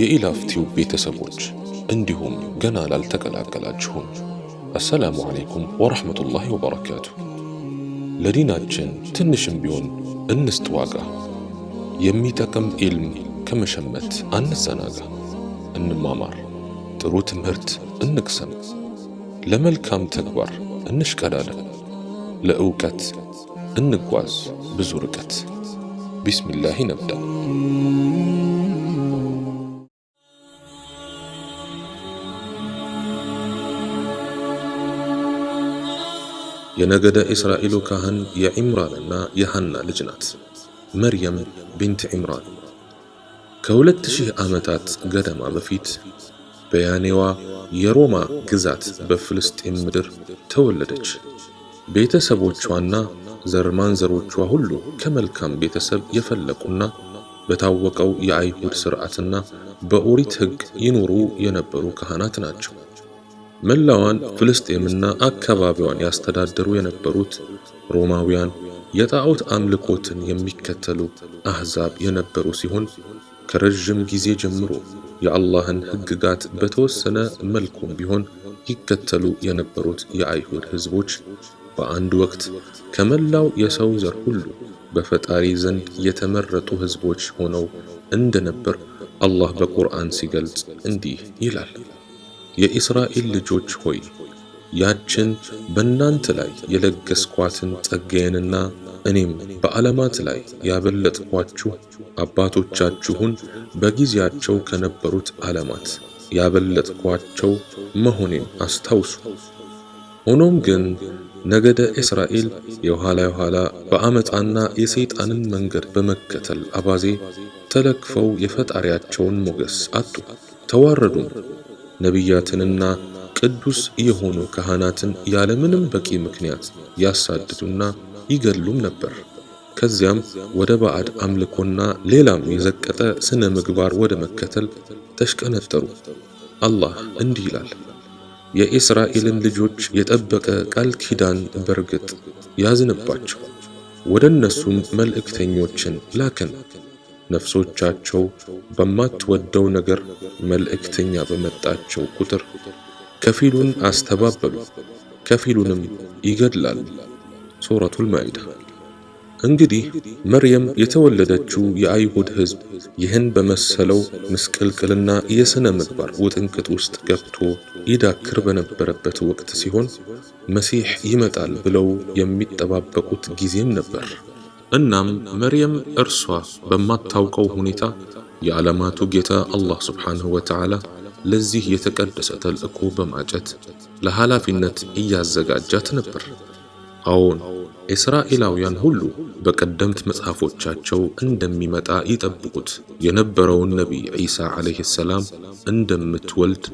የኢላፍቲው ቤተሰቦች እንዲሁም ገና ላልተቀላቀላችሁም አሰላሙ አለይኩም ወራህመቱላሂ ወበረካቱ። ለዲናችን ትንሽም ቢሆን እንስጥ ዋጋ። የሚጠቅም ኢልም ከመሸመት አንዘናጋ። እንማማር፣ ጥሩ ትምህርት እንቅሰም፣ ለመልካም ተግባር እንሽቀዳደም፣ ለእውቀት እንጓዝ ብዙ ርቀት። ቢስሚላሂ ነብዳ የነገደ እስራኤሉ ካህን የዒምራንና የሐና ልጅ ናት። መርየም ቢንት ዒምራን ከሁለት ሺህ ዓመታት ገደማ በፊት በያኔዋ የሮማ ግዛት በፍልስጤም ምድር ተወለደች። ቤተሰቦቿና ዘርማንዘሮቿ ሁሉ ከመልካም ቤተሰብ የፈለቁና በታወቀው የአይሁድ ሥርዓትና በኦሪት ሕግ ይኖሩ የነበሩ ካህናት ናቸው። መላዋን ፍልስጤምና አካባቢዋን ያስተዳደሩ የነበሩት ሮማውያን የጣዖት አምልኮትን የሚከተሉ አሕዛብ የነበሩ ሲሆን ከረዥም ጊዜ ጀምሮ የአላህን ሕግጋት በተወሰነ መልኩም ቢሆን ይከተሉ የነበሩት የአይሁድ ሕዝቦች በአንድ ወቅት ከመላው የሰው ዘር ሁሉ በፈጣሪ ዘንድ የተመረጡ ሕዝቦች ሆነው እንደነበር አላህ በቁርአን ሲገልጽ እንዲህ ይላል። የእስራኤል ልጆች ሆይ ያችን በእናንተ ላይ የለገስኳትን ጸጋዬንና እኔም በዓለማት ላይ ያበለጥኳችሁ አባቶቻችሁን በጊዜያቸው ከነበሩት ዓለማት ያበለጥኳቸው መሆኔን አስታውሱ። ሆኖም ግን ነገደ እስራኤል የኋላ የኋላ በአመጣና የሰይጣንን መንገድ በመከተል አባዜ ተለክፈው የፈጣሪያቸውን ሞገስ አጡ፣ ተዋረዱም። ነቢያትንና ቅዱስ የሆኑ ካህናትን ያለምንም በቂ ምክንያት ያሳድዱና ይገድሉም ነበር። ከዚያም ወደ ባዕድ አምልኮና ሌላም የዘቀጠ ስነ ምግባር ወደ መከተል ተሽቀነጠሩ። አላህ እንዲህ ይላል፣ የእስራኤልን ልጆች የጠበቀ ቃል ኪዳን በርግጥ ያዝንባቸው፣ ወደ እነሱም መልእክተኞችን ላክን ነፍሶቻቸው በማትወደው ነገር መልእክተኛ በመጣቸው ቁጥር ከፊሉን አስተባበሉ፣ ከፊሉንም ይገድላሉ። ሱረቱል ማኢዳ። እንግዲህ መርየም የተወለደችው የአይሁድ ሕዝብ ይህን በመሰለው ምስቅልቅልና የሥነ ምግባር ውጥንቅጥ ውስጥ ገብቶ ይዳክር በነበረበት ወቅት ሲሆን መሲሕ ይመጣል ብለው የሚጠባበቁት ጊዜም ነበር። እናም መርየም እርሷ በማታውቀው ሁኔታ የዓለማቱ ጌታ አላህ ስብሓንሁ ወተዓላ ለዚህ የተቀደሰ ተልእኮ በማጨት ለኃላፊነት እያዘጋጃት ነበር። አዎን እስራኤላውያን ሁሉ በቀደምት መጽሐፎቻቸው እንደሚመጣ ይጠብቁት የነበረውን ነቢይ ዒሳ ዓለይሂ ሰላም እንደምትወልድ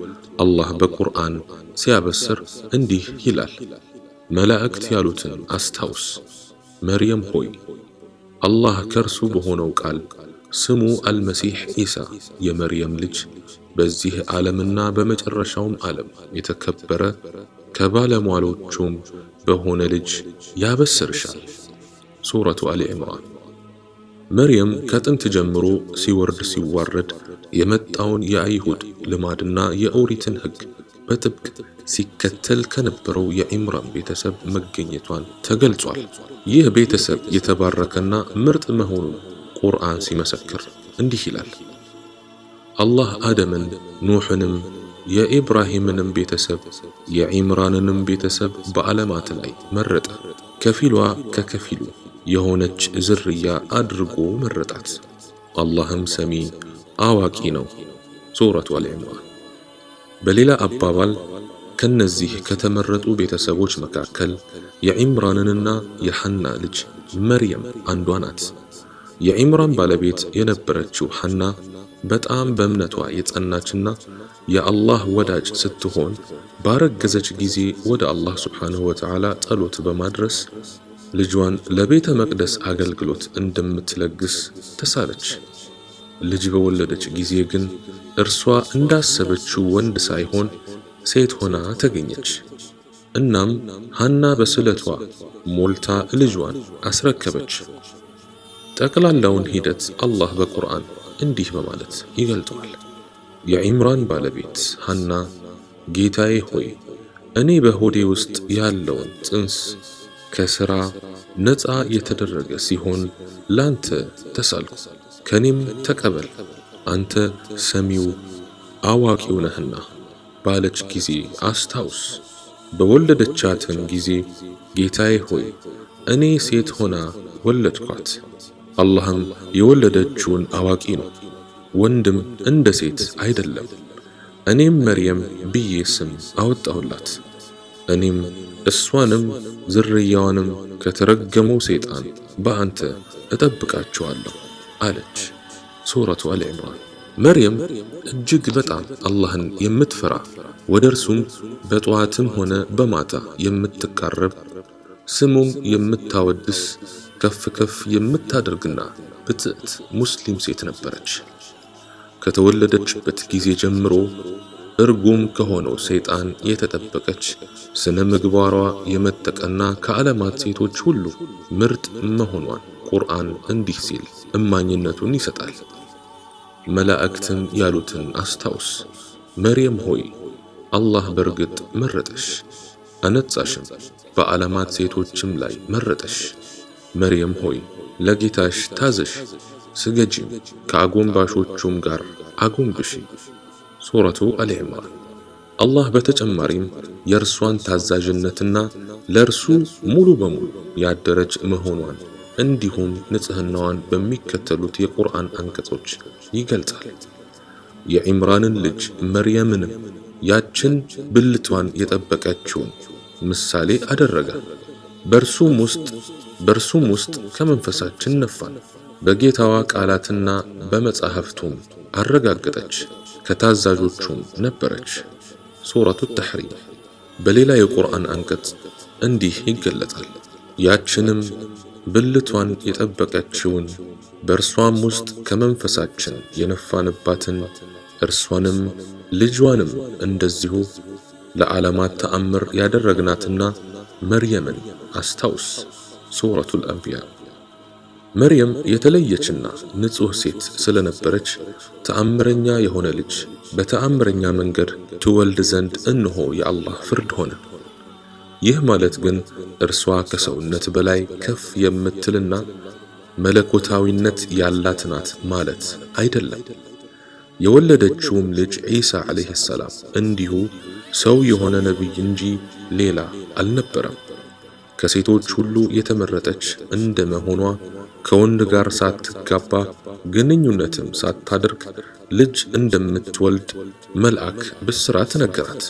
አላህ በቁርአን ሲያበስር እንዲህ ይላል፣ መላእክት ያሉትን አስታውስ መርየም ሆይ አላህ ከእርሱ በሆነው ቃል ስሙ አልመሲሕ ዒሳ የመርየም ልጅ በዚህ ዓለምና በመጨረሻውም ዓለም የተከበረ ከባለሟሎቹም በሆነ ልጅ ያበስርሻል። ሱረቱ አሊ ዒምራን። መርየም ከጥንት ጀምሮ ሲወርድ ሲዋረድ የመጣውን የአይሁድ ልማድና የኦሪትን ሕግ በጥብቅ ሲከተል ከነበረው የኢምራን ቤተሰብ መገኘቷን ተገልጿል። ይህ ቤተሰብ የተባረከና ምርጥ መሆኑን ቁርአን ሲመሰክር እንዲህ ይላል። አላህ አደምን፣ ኑሕንም የኢብራሂምንም ቤተሰብ የኢምራንንም ቤተሰብ በዓለማት ላይ መረጠ። ከፊሏ ከከፊሉ የሆነች ዝርያ አድርጎ መረጣት። አላህም ሰሚ አዋቂ ነው። ሱረቱ አል በሌላ አባባል ከነዚህ ከተመረጡ ቤተሰቦች መካከል የዒምራንንና የሐና ልጅ መርየም አንዷ ናት። የዒምራን ባለቤት የነበረችው ሐና በጣም በእምነቷ የጸናችና የአላህ ወዳጅ ስትሆን ባረገዘች ጊዜ ወደ አላህ ሱብሓነሁ ወተዓላ ጸሎት በማድረስ ልጇን ለቤተ መቅደስ አገልግሎት እንደምትለግስ ተሳለች። ልጅ በወለደች ጊዜ ግን እርሷ እንዳሰበችው ወንድ ሳይሆን ሴት ሆና ተገኘች። እናም ሐና በስለቷ ሞልታ ልጇን አስረከበች። ጠቅላላውን ሂደት አላህ በቁርአን እንዲህ በማለት ይገልጠዋል። የዒምራን ባለቤት ሐና ጌታዬ ሆይ እኔ በሆዴ ውስጥ ያለውን ጽንስ ከሥራ ነፃ የተደረገ ሲሆን ላንተ ተሳልኩ። ከኔም ተቀበል አንተ ሰሚው አዋቂው ነህና ባለች ጊዜ አስታውስ። በወለደቻትን ጊዜ ጌታዬ ሆይ እኔ ሴት ሆና ወለድኳት። አላህም የወለደችውን አዋቂ ነው፣ ወንድም እንደ ሴት አይደለም። እኔም መርየም ብዬ ስም አወጣሁላት። እኔም እሷንም ዝርያዋንም ከተረገመው ሰይጣን በአንተ እጠብቃቸዋለሁ። አለች። ሱረቱ አል መርየም እጅግ በጣም አላህን የምትፈራ ወደ እርሱም በጠዋትም ሆነ በማታ የምትቃረብ ስሙም የምታወድስ ከፍ ከፍ የምታደርግና ብትዕት ሙስሊም ሴት ነበረች። ከተወለደችበት ጊዜ ጀምሮ እርጉም ከሆነው ሰይጣን የተጠበቀች ስነ ምግባሯ የመጠቀና ከዓለማት ሴቶች ሁሉ ምርጥ መሆኗን ቁርአን እንዲህ ሲል እማኝነቱን ይሰጣል። መላእክትም ያሉትን አስታውስ፣ መርየም ሆይ አላህ በርግጥ መረጠሽ፣ አነጻሽም፣ በዓለማት ሴቶችም ላይ መረጠሽ። መርየም ሆይ ለጌታሽ ታዘሽ፣ ስገጂም፣ ከአጎንባሾቹም ጋር አጎንብሽ ሱረቱ አሊ አላህ በተጨማሪም የእርሷን ታዛዥነትና ለእርሱ ሙሉ በሙሉ ያደረች መሆኗን እንዲሁም ንጽህናዋን በሚከተሉት የቁርአን አንቀጾች ይገልጻል። የዒምራንን ልጅ መርየምንም ያችን ብልቷን የጠበቀችውን ምሳሌ አደረገ። በርሱም ውስጥ በርሱም ውስጥ ከመንፈሳችን ነፋን፣ በጌታዋ ቃላትና በመጻሕፍቱም አረጋገጠች፣ ከታዛዦቹም ነበረች። ሱረቱ ተሕሪም በሌላ የቁርአን አንቀጽ እንዲህ ይገለጣል። ያችንም ብልቷን የጠበቀችውን በእርሷም ውስጥ ከመንፈሳችን የነፋንባትን እርሷንም ልጇንም እንደዚሁ ለዓለማት ተአምር ያደረግናትና መርየምን አስታውስ። ሱረቱል አንቢያ። መርየም የተለየችና ንጹሕ ሴት ስለነበረች ተአምረኛ የሆነ ልጅ በተአምረኛ መንገድ ትወልድ ዘንድ እንሆ የአላህ ፍርድ ሆነ። ይህ ማለት ግን እርሷ ከሰውነት በላይ ከፍ የምትልና መለኮታዊነት ያላት ናት ማለት አይደለም። የወለደችውም ልጅ ዒሳ ዓለይሂ ሰላም እንዲሁ ሰው የሆነ ነቢይ እንጂ ሌላ አልነበረም። ከሴቶች ሁሉ የተመረጠች እንደ መሆኗ ከወንድ ጋር ሳትጋባ ግንኙነትም ሳታደርግ ልጅ እንደምትወልድ መልአክ ብስራት ነገራት።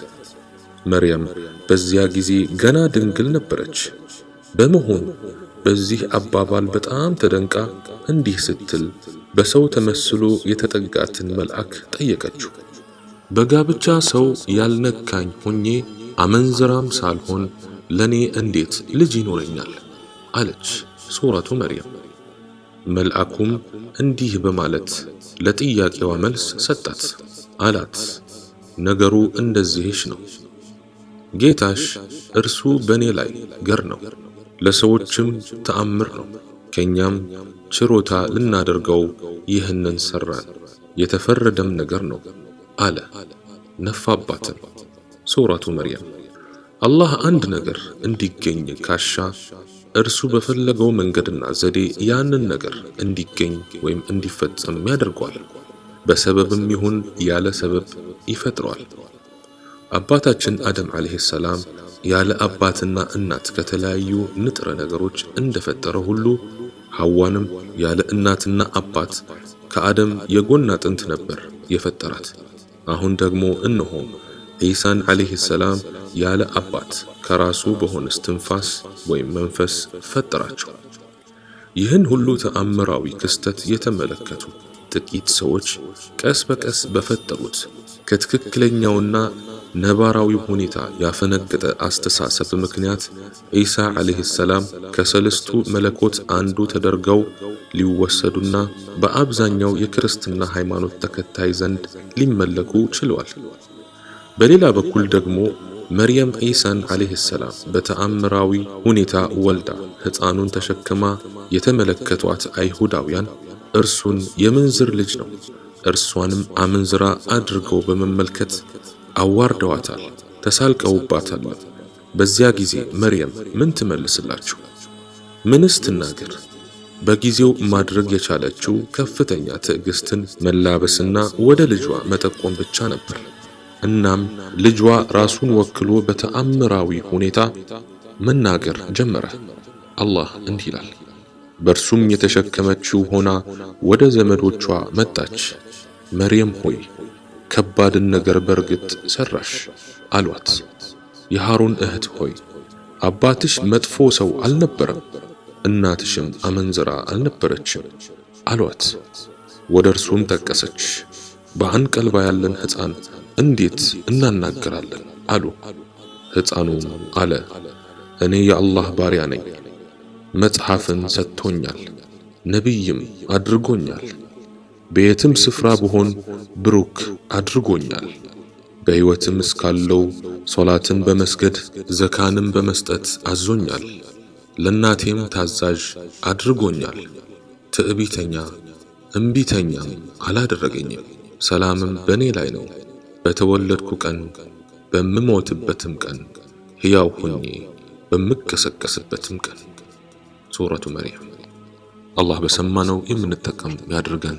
መርያም በዚያ ጊዜ ገና ድንግል ነበረች። በመሆኑ በዚህ አባባል በጣም ተደንቃ እንዲህ ስትል በሰው ተመስሎ የተጠጋትን መልአክ ጠየቀችው። በጋብቻ ሰው ያልነካኝ ሆኜ አመንዝራም ሳልሆን ለኔ እንዴት ልጅ ይኖረኛል? አለች። ሱረቱ መርያም። መልአኩም እንዲህ በማለት ለጥያቄዋ መልስ ሰጣት። አላት ነገሩ እንደዚህች ነው። ጌታሽ እርሱ በእኔ ላይ ገር ነው፣ ለሰዎችም ተአምር ነው። ከእኛም ችሮታ ልናደርገው ይህንን ሠራን፣ የተፈረደም ነገር ነው አለ። ነፋባትም። ሱራቱ መርያም። አላህ አንድ ነገር እንዲገኝ ካሻ እርሱ በፈለገው መንገድና ዘዴ ያንን ነገር እንዲገኝ ወይም እንዲፈጸም ያደርገዋል። በሰበብም ይሁን ያለ ሰበብ ይፈጥረዋል። አባታችን አደም ዓለይሂ ሰላም ያለ አባትና እናት ከተለያዩ ንጥረ ነገሮች እንደፈጠረ ሁሉ ሐዋንም ያለ እናትና አባት ከአደም የጎን አጥንት ነበር የፈጠራት። አሁን ደግሞ እነሆ ዒሳን ዓለይሂ ሰላም ያለ አባት ከራሱ በሆነ እስትንፋስ ወይም መንፈስ ፈጠራቸው። ይህን ሁሉ ተአምራዊ ክስተት የተመለከቱ ጥቂት ሰዎች ቀስ በቀስ በፈጠሩት ከትክክለኛውና ነባራዊ ሁኔታ ያፈነገጠ አስተሳሰብ ምክንያት ዒሳ ዓለይሂ ሰላም ከሰለስቱ መለኮት አንዱ ተደርገው ሊወሰዱና በአብዛኛው የክርስትና ሃይማኖት ተከታይ ዘንድ ሊመለኩ ችለዋል። በሌላ በኩል ደግሞ መርየም ዒሳን ዓለይሂ ሰላም በተአምራዊ ሁኔታ ወልዳ ሕፃኑን ተሸክማ የተመለከቷት አይሁዳውያን እርሱን የምንዝር ልጅ ነው፣ እርሷንም አምንዝራ አድርገው በመመልከት አዋርደዋታል፣ ተሳልቀውባታል። በዚያ ጊዜ መርየም ምን ትመልስላችሁ? ምንስ ትናገር? በጊዜው ማድረግ የቻለችው ከፍተኛ ትዕግስትን መላበስና ወደ ልጇ መጠቆም ብቻ ነበር። እናም ልጇ ራሱን ወክሎ በተአምራዊ ሁኔታ መናገር ጀመረ። አላህ እንዲህ ይላል፣ በእርሱም የተሸከመችው ሆና ወደ ዘመዶቿ መጣች። መርየም ሆይ ከባድን ነገር በርግጥ ሰራሽ አሏት። የሃሩን እህት ሆይ አባትሽ መጥፎ ሰው አልነበረም፣ እናትሽም አመንዝራ አልነበረችም አሏት። ወደ እርሱም ጠቀሰች። በአንቀልባ ያለን ሕፃን እንዴት እናናገራለን አሉ። ሕፃኑም አለ እኔ የአላህ ባሪያ ነኝ፣ መጽሐፍን ሰጥቶኛል፣ ነቢይም አድርጎኛል በየትም ስፍራ ብሆን ብሩክ አድርጎኛል። በሕይወትም እስካለው ሶላትን በመስገድ ዘካንም በመስጠት አዞኛል። ለእናቴም ታዛዥ አድርጎኛል። ትዕቢተኛ እምቢተኛም አላደረገኝም። ሰላምም በእኔ ላይ ነው። በተወለድኩ ቀን በምሞትበትም ቀን ሕያው ሆኜ በምቀሰቀስበትም ቀን ሱረቱ መርየም አላህ በሰማነው የምንጠቀም ያድርገን።